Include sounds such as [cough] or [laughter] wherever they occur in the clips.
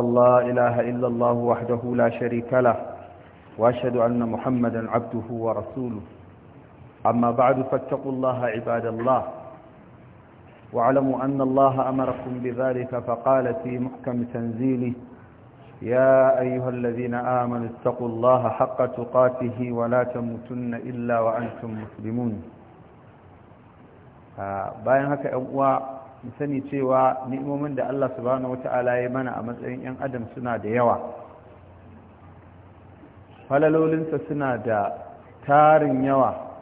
الله إله إلا الله وحده لا شريك له وأشهد أن محمدا عبده ورسوله أما بعد فاتقوا الله عباد الله واعلموا أن الله أمركم بذلك فقال في محكم تنزيله يا أيها الذين آمنوا اتقوا الله حق تقاته ولا تموتن إلا وأنتم مسلمون آه، باين هكا mu sani cewa ni'imomin da Allah subhanahu wata'ala ya mana a matsayin 'yan adam suna da yawa falalolinsa suna da tarin yawa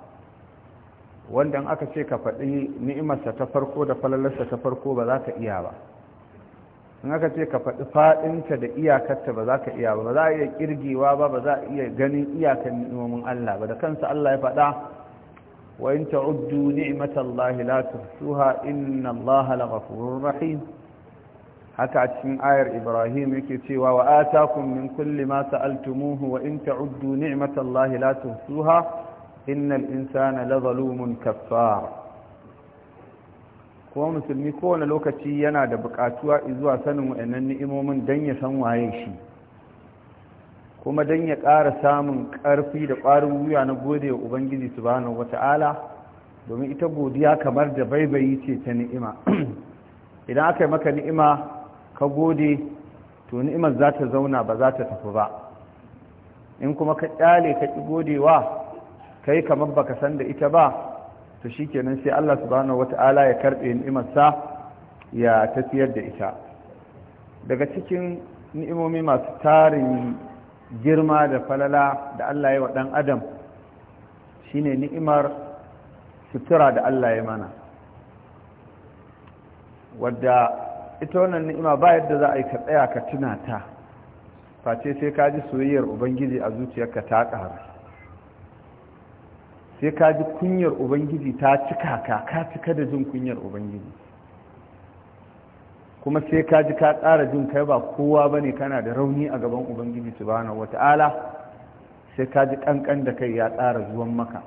wanda aka ce ka faɗi ni'imarsa ta farko da falalarsa ta farko ba za ka iya ba in aka ce ka faɗi faɗinta da iyakarta ba za ka iya ba ba za a iya ƙirgewa ba ba za a iya ganin iyakar ni'imomin Allah ba da kansa Allah ya faɗa وإن تعدوا نعمة الله لا تحصوها إن الله لغفور رحيم حكى عشان آير إبراهيم يكتوى وآتاكم من كل ما سألتموه وإن تعدوا نعمة الله لا تحصوها إن الإنسان لظلوم كفار kuma musulmi kowane lokaci yana da bukatuwa izuwa sanin wa'annan ni'imomin don ya san waye shi kuma don ya ƙara samun ƙarfi da ƙwarin wuya na gode wa ubangiji subhanahu wata'ala domin ita godiya kamar da baibayi ce ta ni'ima [clears throat] idan aka yi maka ni'ima ka gode to ni'imar za ta zauna ba za ta tafi ba in kuma ka ƙyale ka ƙi godewa ka yi kamar ka san da ita ba to shi kenan sai allah subhanahu wata'ala ya karɓe ni'imarsa ya tafiyar da ita daga cikin ni'imomi masu tarin girma da falala da Allah ya wa ɗan adam ne ni'imar sutura da Allah ya mana wadda ita wannan ni'ima ba yadda za a yi ka tsaya ka tuna ta face sai ka ji soyayyar ubangiji a zuciyarka ta ƙara sai ka ji kunyar ubangiji ta cika ka ka cika da jin kunyar ubangiji kuma sai ka ji ka ƙara jin kai ba kowa ba ne kana da rauni a gaban ubangiji subhanahu wata'ala sai ka ji ƙanƙan da kai ya ƙara zuwan maka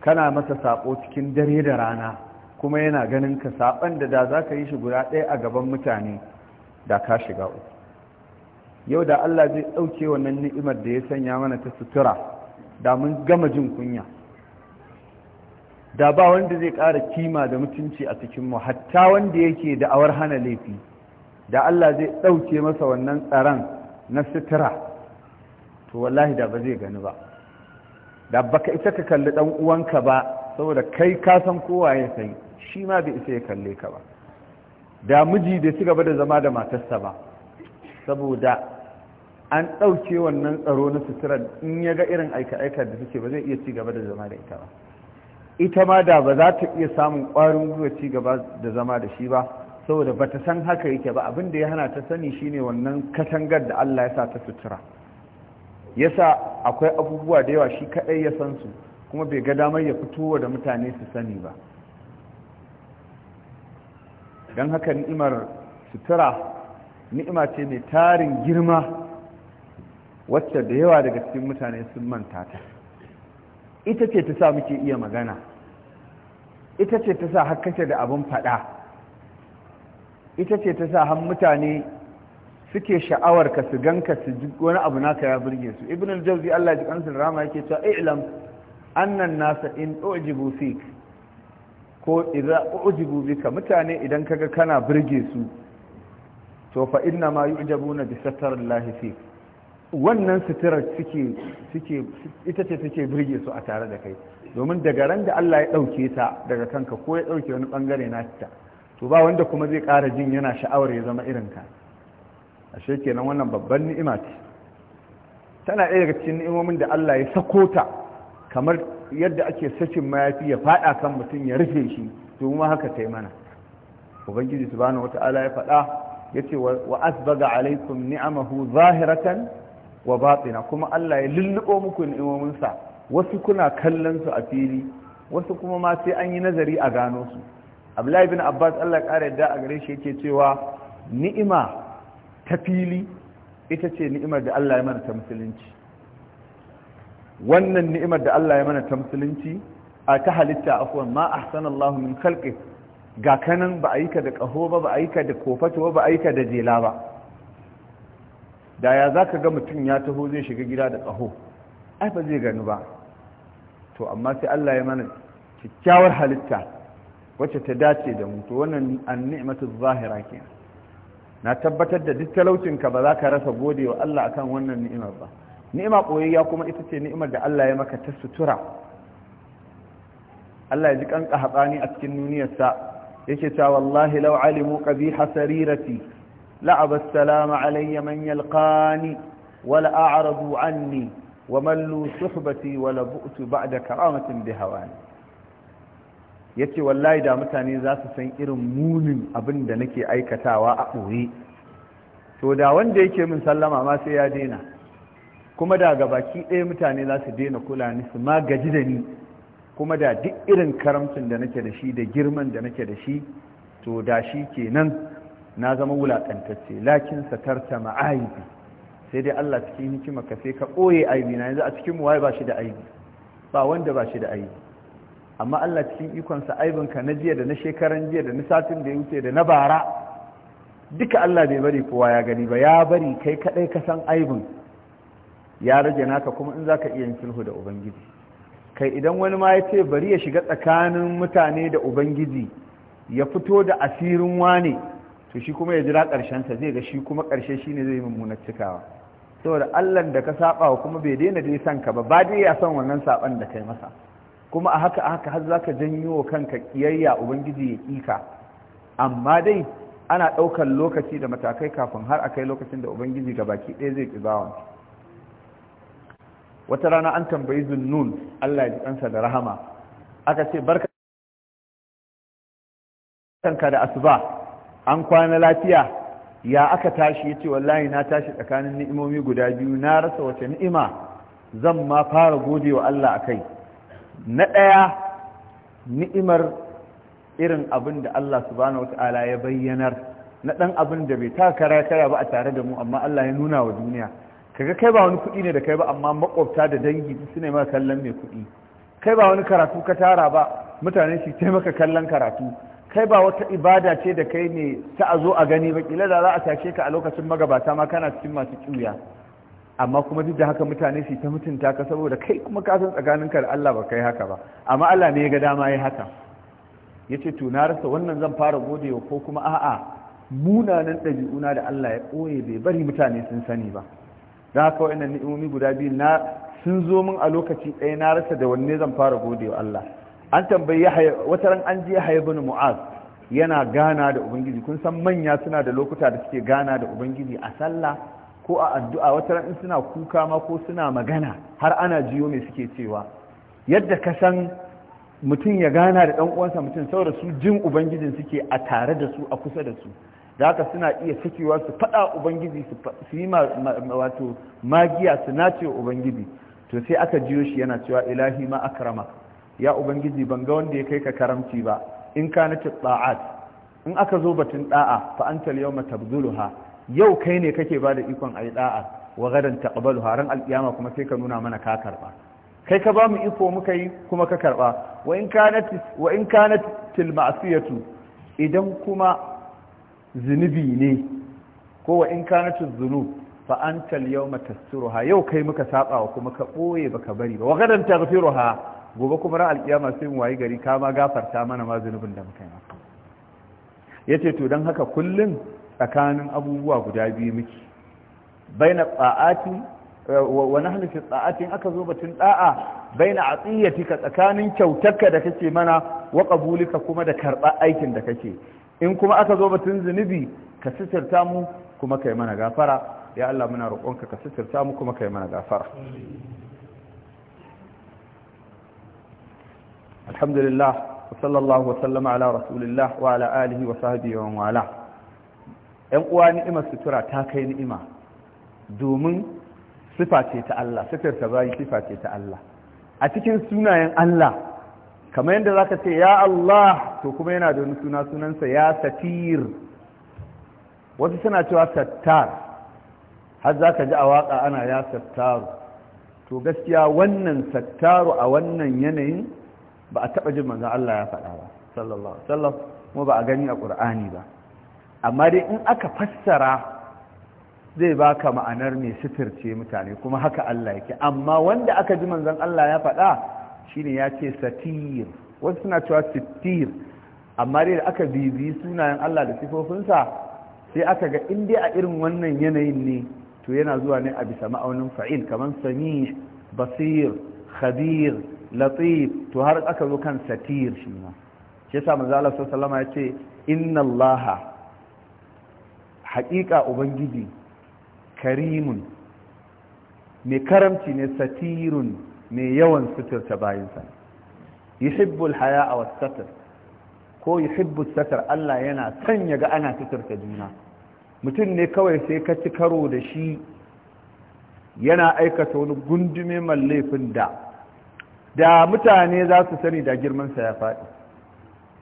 kana masa saƙo cikin dare da rana kuma yana ganin ka saɓan da da za ka yi shi guda ɗaya a gaban mutane da ka shiga uku yau da allah zai ɗauke wannan ni'imar da ya sanya mana ta sutura da mun gama jin kunya da ba wanda zai ƙara kima da mutunci a cikin mu hatta wanda yake da'awar hana laifi da Allah zai ɗauke masa wannan tsaron na sutura to wallahi da ba zai gani ba da baka isa ka kalli ɗan uwanka ba saboda kai ka san kowa ya sai shi ma bai isa ya kalle ka ba da miji bai ci gaba da zama da matarsa ba saboda an ɗauke wannan tsaro na sutura in ya ga irin aika-aikar da suke ba zai iya ci gaba da zama da ita ba ita ma da ba za ta iya samun ƙwarin gwiwa ci gaba da zama da shi ba saboda ba ta san haka yake ba abin da ya hana ta sani shine wannan katangar da Allah ya sa ta sutura ya sa akwai abubuwa da yawa shi kaɗai ya san su kuma bai ga damar ya fitowa da mutane su sani ba don haka ni'imar sutura ni'ima ce mai tarin girma wacce da yawa daga cikin mutane sun manta ta ita ce ta sa muke iya magana ita ce ta sa hakkace da abin fada ita ce ta sa har mutane suke sha'awar ka su ganka su ji wani abu naka ya burge su ibn al-jawzi Allah ya kansa rama yake cewa i'lam annan nasa in ujibu fik ko idza ujibu bika mutane idan kaga kana burge su to fa inna ma yu'jabuna bi fik wannan suturar ita ce suke birge su a tare da kai domin daga ran da Allah ya ɗauke ta daga kanka ko ya ɗauke wani ɓangare na ta to ba wanda kuma zai ƙara jin yana sha'awar ya zama irin ka ashe kenan wannan babban ni'ima ce tana ɗaya daga cikin ni'imomin da Allah ya sako ta kamar yadda ake sakin mayafi ya faɗa kan mutum ya rufe shi to kuma haka ta yi mana ubangiji subhanahu wata'ala ya faɗa ya ce wa asbaga alaikum ni'amahu zahiratan wa batina kuma Allah ya lulluɓo muku ni'imominsa wasu kuna kallon su a fili wasu kuma ma sai an yi nazari a gano su Abdullahi bin Abbas Allah ya kare yadda a gare shi yake cewa ni'ima ta fili ita ce ni'imar da Allah ya mana ta musulunci wannan ni'imar da Allah ya mana ta musulunci a ta halitta afwan ma Allah min khalqi ga kanan ba a yi ka da kaho ba ba a yi ka da kofato ba ba a yi ka da jela ba da ya za ka ga mutum ya taho zai shiga gida da tsaho ai ba zai gani ba to amma sai Allah ya mana kyakkyawar halitta wacce ta dace da mu to wannan an-ni'matu zahira ke na tabbatar da duk talaucinka ba za ka rasa gode wa Allah akan wannan ni'imar ba ni'ima ya kuma ita ce ni'imar da Allah ya maka ta sutura Allah ya ji kanka kahabani a cikin duniyarsa yake cewa wallahi law alimu qabiha sarirati لعب السلام علي من يلقاني ولا أعرض عني وملوا صحبتي ولا بؤت بعد كرامة بهواني yace wallahi da mutane za su san irin munin abin da nake aikatawa a ɓoye to da wanda yake min sallama ma sai ya daina kuma da baki ɗaya mutane za su daina kula ni su magaji da ni kuma da duk irin karamcin da nake da shi da girman da nake da shi to da shi kenan na zama wulakantacce lakin satarta ma'aibi sai dai Allah cikin hikima ka sai ka ɓoye aibi na yanzu a cikin ba shi da aibi ba wanda ba shi da aibi amma Allah cikin ikonsa sa aibin na jiya da na shekaran jiya da na satin da ya wuce da na bara duka Allah bai bari kowa ya gani ba ya bari kai kadai ka san aibin ya rage naka kuma in zaka iya yin sulhu da ubangiji kai idan wani ma ya ce bari ya shiga tsakanin mutane da ubangiji ya fito da asirin wane to shi kuma ya jira ƙarshensa zai ga shi kuma ƙarshe shi ne zai mummunar cikawa saboda allan da ka saba wa kuma bai daina dai son ka ba ba dai ya san wannan saban da kai masa kuma a haka haka har za ka janyo kanka kiyayya ubangiji ya ƙika amma dai ana ɗaukar lokaci da matakai kafin har a kai lokacin da ubangiji ga baki ɗaya zai ƙi bawan wata rana an tambayi zunnun allah ya ji ɗansa da rahama aka ce barka kanka da asuba an kwana lafiya ya aka tashi ya ce wallahi na tashi tsakanin ni'imomi guda biyu na rasa wace ni'ima zan ma fara gode wa Allah a kai na ɗaya ni'imar irin abin da Allah subhanahu wata'ala ya bayyanar na ɗan abin da bai ta kara kara ba a tare da mu amma Allah ya nuna wa duniya kaga kai ba wani kuɗi ne da kai ba amma makwabta da dangi su ne maka kallon mai kuɗi kai ba wani karatu ka tara ba mutane su taimaka kallon karatu kai ba wata ibada ce da kai ne ta a zo a gani ba kila da za a tashe ka a lokacin magabata ma kana cikin masu kiuya amma kuma duk da haka mutane su ta mutunta ka saboda kai kuma ka san tsakanin ka da Allah ba kai haka ba amma Allah ne ya ga dama ya haka yace to na rasa wannan zan fara godewa ko kuma a'a munanan ɗabi'una da Allah ya ɓoye bai bari mutane sun sani ba da haka wa'annan ni'imomi guda biyu na sun zo min a lokaci ɗaya na rasa da wanne zan fara godewa Allah an tambayi yahya wata ran an ji yahya ibn mu'az yana gana da ubangiji kun san manya suna da lokuta da suke gana da ubangiji a sallah ko a addu'a wata ran in suna kuka ma ko suna magana har ana jiyo me suke cewa yadda ka san mutum ya gana da ɗan uwansa mutum saboda su jin ubangijin suke a tare da su a kusa da su da haka suna iya sakewa su faɗa ubangiji su yi wato magiya su nace ubangiji to sai aka jiyo shi yana cewa ilahi ma akrama ya ubangiji ban ga wanda ya kai ka karamci ba in ka na ta'at in aka zo batun da'a fa anta al-yawma tabdhuluha yau kai ne kake bada ikon ayi da'a wa gadan taqbaluha ran al-qiyama kuma sai ka nuna mana ka karba kai ka ba mu iko muka yi kuma ka karba wa in kanat wa in kanat til ma'siyatu idan kuma zunubi ne ko wa in kanat zunub, fa anta al-yawma tasturuha yau kai muka saba wa kuma ka boye baka bari ba wa gadan taghfiruha gobe kuma ran alkiyama sai mu wayi gari kama gafarta mana ma zunubin da muka yi maka yace to dan haka kullun tsakanin abubuwa guda biyu miki baina ta'ati wa nahnu fi tsa'atin aka zo batun da'a baina atiyatika tsakanin kyautarka da kake mana wa qabulika kuma da karba aikin da kake in kuma aka zo batun zunubi ka sitirta mu kuma kai mana gafara ya Allah muna roƙonka ka sitirta mu kuma kai mana gafara alhamdulillah لله وصلى wa وسلم على rasulillah الله وعلى wa ومن والاه ان yan uwa ni'imar sutura ta kai ni'ima domin sifa ta Allah sifar ta a cikin sunayen Allah kamar yadda zaka ce ya Allah to kuma yana da wani suna sunansa ya satir wasu suna cewa sattar har zaka ji a waka ana ya sattaru to gaskiya wannan sattaru a wannan yanayin ba a taɓa jin manzan Allah ya faɗa ba sallallahu sallam kuma ba a gani a ƙur'ani ba amma dai in aka fassara zai baka ma'anar mai sitirce mutane kuma haka Allah yake amma wanda aka ji manzan Allah ya faɗa shine ya ce satir wasu suna cewa sitir amma dai da aka bibiyi sunayen Allah da sifofinsa sai aka ga in dai a irin wannan yanayin ne to yana zuwa ne a bisa ma'aunin fa'il kamar sami basir khabir latif to har aka zo kan satir shi ma shi yasa manzo Allah sallallahu alaihi wasallam yace inna allaha haqiqa ubangiji karimun mai karamci ne satirun mai yawan suturta bayansa yuhibbul haya'a was satir ko yuhibbus satir Allah yana son ya ga ana suturta juna mutum ne kawai sai ka ci karo da shi yana aikata wani gundume mallefin da da mutane za su sani da girmansa ya faɗi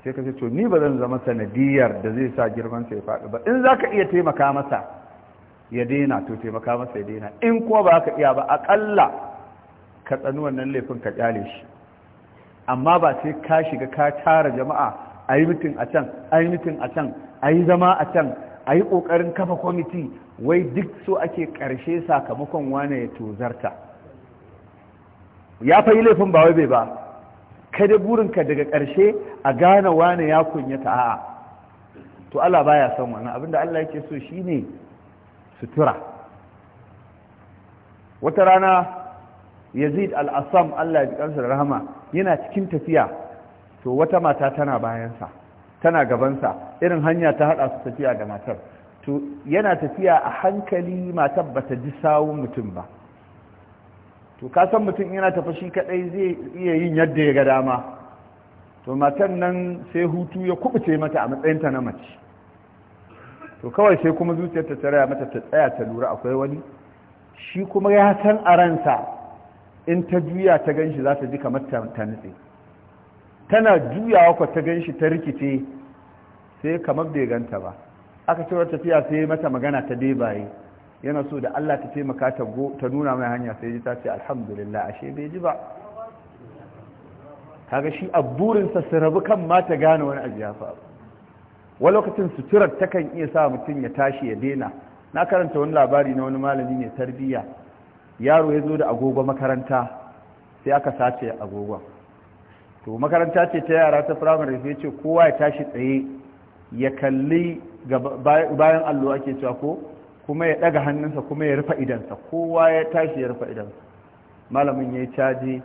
sai ka ce to ni ba zan zama sanadiyar da zai sa girmansa ya faɗi ba in za ka iya taimaka masa ya daina to taimaka masa ya daina in kuma ba ka iya ba aƙalla ka tsani wannan laifin ka ƙyale shi amma ba sai ka shiga ka tara jama'a a yi mitin a can a yi mitin a can a yi zama a can a yi ƙoƙarin kafa kwamiti wai duk so ake ƙarshe sakamakon wane ya tozarta ya fa yi laifin ba wai bai ba kada burinka daga ƙarshe a gane wane ya kunyata a'a to Allah baya son wannan abinda Allah yake so shine sutura wata rana Yazid al asam Allah ya kansa da rahama yana cikin tafiya to wata mata tana bayansa tana gabansa irin hanya ta hada su tafiya da matar to yana tafiya a hankali matar bata ji sawun mutum ba to ka san mutum yana tafi shi kadai zai iya yin yadda ya ga dama to matan nan sai hutu ya kubuce mata a matsayinta na mace to kawai sai kuma zuciyarta ta raya mata ta tsaya ta lura akwai wani shi kuma ya san a ransa in ta juya ta ganshi za ta ji kamar ta nutse tana juyawa ko ta ganshi ta rikice sai kamar bai ganta ba aka cewar tafiya sai mata magana ta dai baye yana so da Allah ta taimaka ta nuna mai hanya sai ta ce alhamdulillah ashe bai ji ba kaga shi aburinsa su rabu kan ma ta gane wani abu ya faru wani lokacin suturar takan iya sa mutum ya tashi ya daina na karanta wani labari na wani malami ne tarbiyya yaro ya zo da agogo makaranta sai aka sace agogon to makaranta ce ta yara ta firamare sai ce kowa ya tashi tsaye ya kalli bayan allo ake cewa ko kuma ya daga hannunsa kuma ya rufa idansa kowa ya tashi ya rufa idansa malamin ya yi caji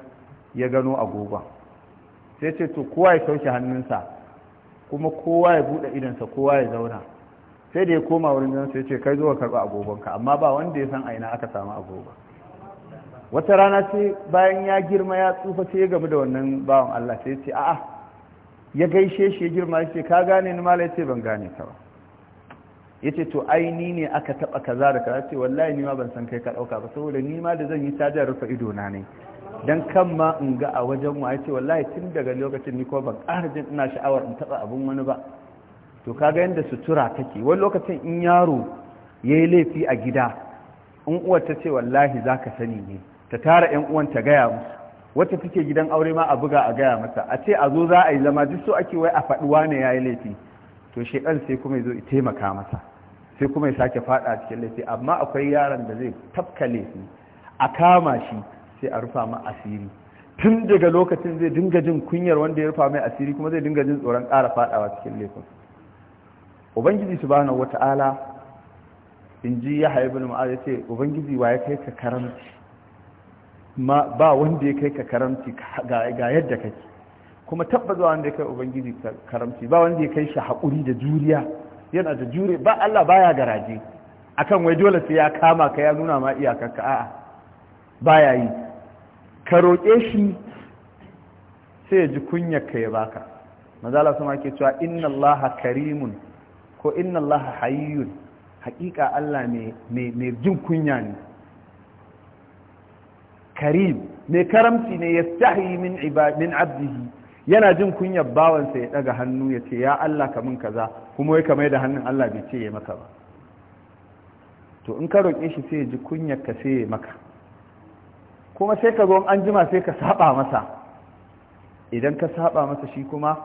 ya gano agogon sai ce to kowa ya sauke hannunsa kuma kowa ya buɗe idansa kowa ya zauna sai da ya koma wurin nan sai ce kai zo ka agogonka amma ba wanda ya san aina aka samu agogon wata rana ce bayan ya girma ya tsufa sai ya gamu da wannan bawan Allah sai ce a'a ya gaishe shi ya girma ya ce ka gane ni mala ya ce ban gane ka ba ya ce to ai ni ne aka taba kaza da kaza ce wallahi ni ma ban san kai ka ɗauka ba saboda ni ma da zan yi ta rufe ido na ne dan kan ma in ga a wajen mu ai ce wallahi tun daga lokacin ni ko ban ƙara jin ina sha'awar in taba abin wani ba to kaga yadda sutura take wani lokacin in yaro ya laifi a gida in uwar ta ce wallahi za ka sani ne ta tara 'yan uwan ta gaya musu wata take gidan aure ma a buga a gaya mata a ce a zo za a yi zama duk so ake wai a faɗuwa ne ya yi laifi to shekan sai kuma ya zo taimaka masa sai kuma ya sake fada cikin laifi amma akwai yaron da zai tafka laifi a kama shi sai a rufa ma asiri tun daga lokacin zai dinga jin kunyar wanda ya rufa mai asiri kuma zai dinga jin tsoron ƙara fadawa cikin laifin ubangiji bana wata'ala in ji ya haifi bin ma'az ya ce ubangiji wa ya kai ka karamci ba wanda ya kai ka karamci ga yadda kake kuma tabbazawa wanda ya kai ubangiji karamci ba wanda ya kai shi haƙuri da juriya yana da jure ba Allah baya garaje akan wai dole sai ya kama ka ya nuna ma iyakarka a'a baya yi ka roƙe shi sai ya ji kunyar ka ya baka mazala sun ake cewa inna Allah karimun ko inna Allah hayyun haƙiƙa Allah mai jin kunya ne karim mai karamci ne ya min min abdihi yana jin kunyar bawansa ya daga hannu ya ce ya Allah kamun kaza kuma wai kamar da hannun Allah bai ce ya maka ba to in ka roƙe shi sai ya ji kunyar ka sai ya maka kuma sai ka zo an jima sai ka saba masa idan ka saba masa shi kuma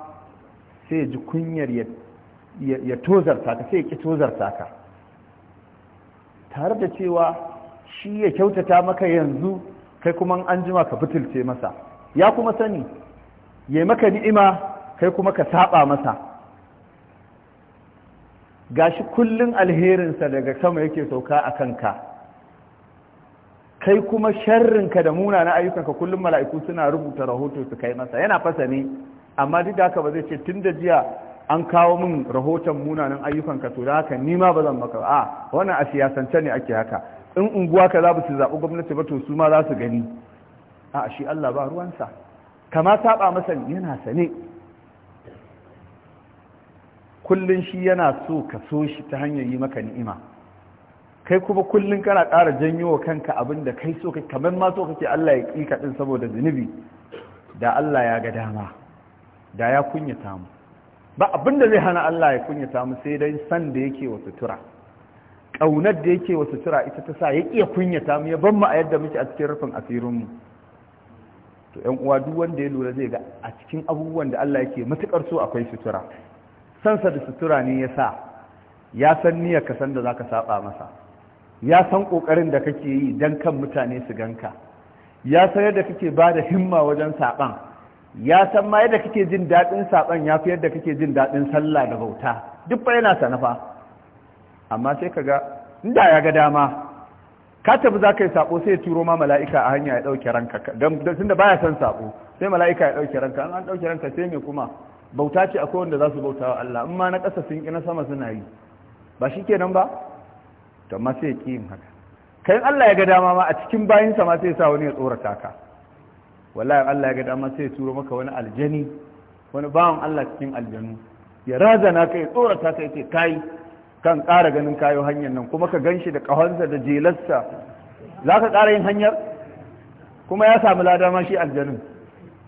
sai ya ji kunyar ya tozarta ka sai ya ki tozarta ka tare da cewa shi ya kyautata maka yanzu kai kuma an jima ka fitilce masa ya kuma sani ya maka ni'ima kai kuma ka saba masa gashi kullum alherinsa daga sama yake sauka a kanka kai kuma sharrinka da na ayyukanka kullum mala'iku suna rubuta rahoto su kai masa yana fasa ne amma duk da haka ba zai ce tun da jiya an kawo min rahoton munanan ayyukanka to da haka nima ba zan maka a wannan a siyasance ne ake haka in unguwa ka za su zaɓi gwamnati ba to su ma za su gani a shi Allah ba ruwansa kama saba masa yana sane kullun shi yana so ka so shi ta hanyar yi maka ni'ima kai kuma kullun kana ƙara janyo wa kanka abin da kai so kai kamar ma so kake Allah ya ƙi din saboda zunubi da Allah ya ga dama da ya kunyata mu ba abin zai hana Allah ya kunyata mu sai dai san da yake wa sutura ƙaunar da yake wa sutura ita ta sa ya iya kunyata mu ya ban mu a yadda muke a cikin rufin asirin mu to yan uwa duk wanda ya lura zai ga a cikin abubuwan da Allah yake matukar so akwai sutura sansa da sutura ne ya sa ya san niyyar ka san da zaka saba masa ya san kokarin da kake yi dan kan mutane su ganka ya san yadda kake ba da himma wajen saɓan. ya san ma yadda kake jin daɗin saban ya fi yadda kake jin daɗin sallah da bauta duk fa yana sanafa amma sai ka kaga inda ya ga dama ka tafi za ka yi sabo sai ya turo ma mala'ika a hanya ya ɗauke ranka don da baya son sabo sai mala'ika ya ɗauke ranka an ɗauke ranka sai mai kuma bauta ce akwai wanda za su bauta wa Allah in ma na ƙasa sun ƙi na sama suna yi ba shi kenan ba to ma sai ya ƙi yin haka kai Allah ya ga dama ma a cikin bayinsa ma sai ya sa wani ya tsorata ka wallahi Allah ya ga dama sai ya turo maka wani aljani wani bawan Allah cikin aljanu ya razana ka ya tsorata ka ya kai kan ƙara ganin kayo hanyar nan kuma ka gan shi da ƙahonsa da jelarsa za ka ƙara yin hanyar kuma ya samu lada ma shi aljanin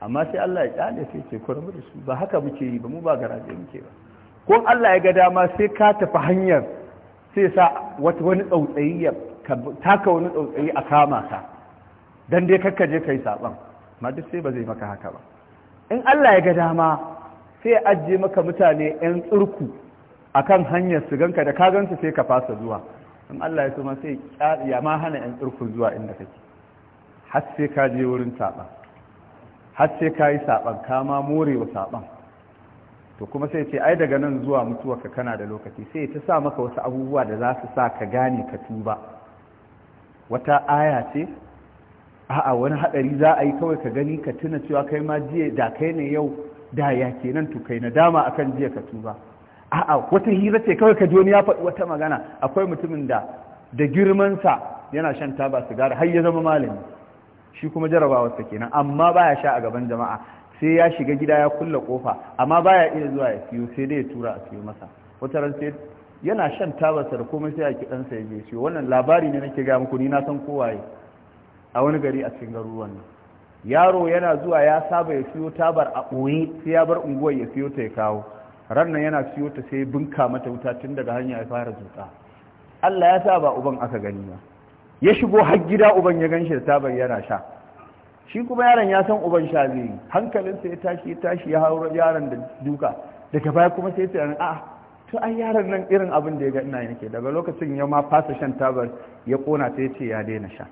amma sai Allah ya ƙyale sai ce ku rabu da su ba haka muke yi ba mu ba garaje muke ba ko Allah ya ga dama sai ka tafi hanyar sai sa wani tsautsayi ya taka wani tsautsayi a kama ka dan dai kakka je kai saban ma duk sai ba zai maka haka ba in Allah ya ga dama sai ya ajiye maka mutane 'yan tsurku akan hanyar su ganka da ka gansu sai ka fasa zuwa in Allah ya so ma sai ya ma hana yan tsurkun zuwa inda kake har sai ka je wurin saban har sai ka yi saban ka ma more wa saban to kuma sai ce ai daga nan zuwa mutuwa ka kana da lokaci sai ta sa maka wasu abubuwa da za su sa ka gane ka tuba wata aya ce a'a wani hadari za a yi kawai ka gani ka tuna cewa kai ma jiya da kai ne yau da ya kenan to kai na dama akan jiya ka tuba a'a wata hira ce kawai ka wani ya faɗi wata magana akwai mutumin da da girmansa yana shan taba sigara har ya zama malami shi kuma jarabawarsa kenan amma baya sha a gaban jama'a sai ya shiga gida ya kulla kofa amma baya iya zuwa ya siyo sai dai ya tura a siyo masa wata ran sai yana shan tabarsa da komai sai a sa ya je siyo wannan labari ne nake ga muku ni na san kowaye a wani gari a cikin garuruwan nan yaro yana zuwa ya saba ya siyo tabar a ɓoye sai ya bar unguwar ya siyo ta ya kawo nan yana siyo ta sai binka mata wuta tun daga hanya ya fara zuta Allah ya saba uban aka gani ba ya shigo har gida uban ya ganshi da ta bayyana sha shi kuma yaron ya san uban sha zai hankalinsa ya tashi ya tashi ya hauro yaron da duka daga baya kuma sai ta a to ai yaron nan irin abin da ya ga ina yake daga lokacin ya ma fasa shan tabar ya kona ta ce ya daina sha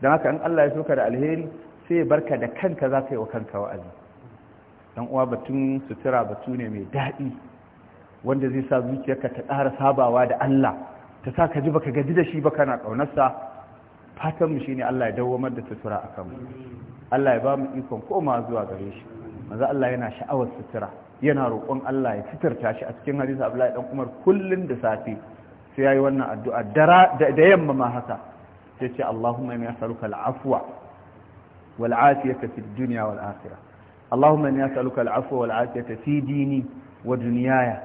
Dan haka in Allah ya soka da alheri sai ya barka da kanka za ka yi wa kanka wa'azi dan uwa batun sutura batu ne mai daɗi wanda zai sa zuciyarka ta ƙara sabawa da Allah ta sa ka ji baka gaji da shi ba kana ƙaunarsa fatanmu shine Allah ya dawwamar da sutura a kanmu Allah ya ba mu ikon koma zuwa gare shi manzo Allah yana sha'awar sutura yana roƙon Allah ya fitarta shi a cikin hadisi Abdullahi dan Umar kullun da safe sai yayi wannan addu'a dara da yamma ma haka ce Allahumma inni as'aluka al-afwa wal afiyata fid dunya wal akhirah اللهم إني أسألك العفو والعافية في ديني ودنياي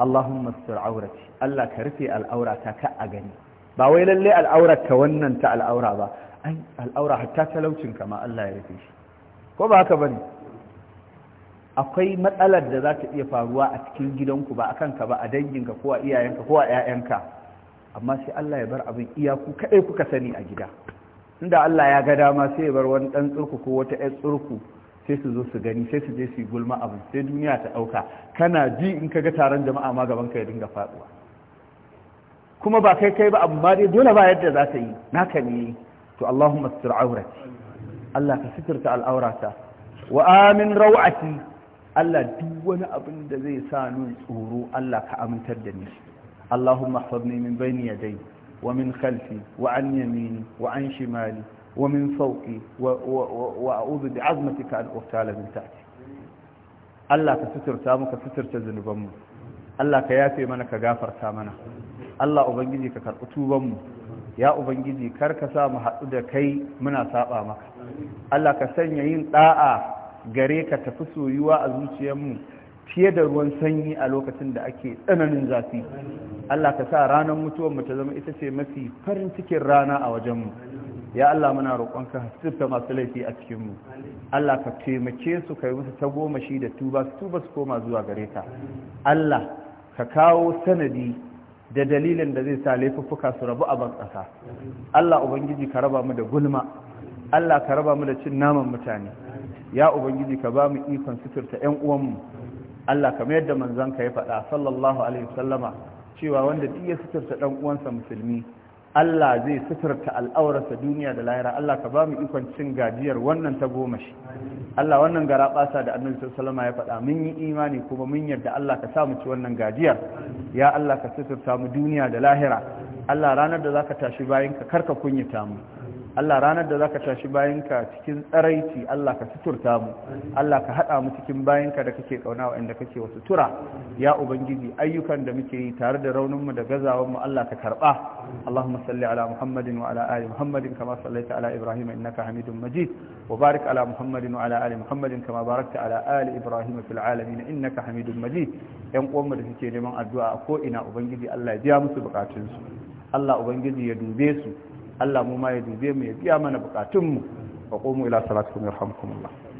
اللهم استر عورتي الله كرفي الأورة كأغني باويل لي الأورة كونن تاع الأورة با أي الأورة حتى تلوتن كما الله يرفيش كوبا كبني akwai matsalar da za ta iya faruwa a cikin gidanku ba a kanka ba a danginka ko a iyayenka ko a 'ya'yanka amma sai Allah ya bar abin iyaku kaɗai kuka sani a gida inda Allah ya ga dama sai ya bar wani ɗan tsurku ko wata 'yar tsurku sai su zo su gani sai su je su gulma abin sai duniya ta ɗauka kana ji in ka ga taron jama'a ma gaban ka ya dinga faɗuwa kuma ba kai kai ba amma dai dole ba yadda za ta yi naka ne to Allahumma sitir aurati Allah ka sitirta al'aurata wa amin rawati Allah duk wani abin da zai sa nun tsoro Allah ka amintar da ni Allahumma ihfazni min bayni yadayya wa min khalfi wa an yamini wa an shimali ومن فوقي وأعوذ بعظمتك ka أغتال من تحتي الله كستر تامك ستر تزنبم الله كيافي منك غافر تامنا الله أبنجي كرأتوبم ya ubangiji kar ka sa mu haɗu da kai muna saba maka Allah ka sanya yin ɗa'a gare ka tafi soyuwa a zuciyarmu fiye da ruwan sanyi a lokacin da ake tsananin zafi Allah ka sa ranar mutuwar mu ta zama ita ce mafi farin cikin rana a wajenmu ya Allah muna roƙonka hasibta masu laifi a cikinmu Allah ka taimake su kai musu ta goma shi da tuba su tuba su koma zuwa gare ka Allah ka kawo sanadi da dalilin da zai sa laifuffuka su rabu a ban ƙasa Allah ubangiji ka raba mu da gulma Allah ka raba mu da cin naman mutane ya ubangiji ka ba mu ikon suturta ƴan uwanmu Allah mayar da manzon ka ya faɗa sallallahu alaihi wasallama cewa wanda duk ya suturta ɗan uwansa musulmi Allah zai suturta al'aurarsa duniya da lahira Allah ka ba mu ikon cin gajiyar wannan ta goma shi Allah wannan gara basa da annabi sallama ya faɗa mun yi imani kuma mun yarda Allah ka sa mu ci wannan gajiyar ya Allah ka suturta mu duniya da lahira Allah ranar da zaka tashi bayan ka karka kunyata mu Allah ranar da zaka tashi bayanka cikin tsaraici Allah ka suturta mu Allah ka hada mu cikin bayanka da kake kauna wanda kake wa sutura ya ubangiji ayyukan da muke yi tare da raunin mu da gazawan mu Allah ka karba Allahumma salli ala Muhammadin wa ala ali Muhammadin kama sallaita ala Ibrahim innaka Hamidum Majid wa barik ala Muhammadin wa ala ali Muhammadin kama barakta ala ali Ibrahim fil alamin innaka Hamidum Majid yan uwan mu da suke neman addu'a ko ina ubangiji Allah ya biya musu bukatunsu Allah ubangiji ya dube su Allah mu ma ya dube mu ya biya mana bukatunmu wa qumu ila salatikum yarhamkumullah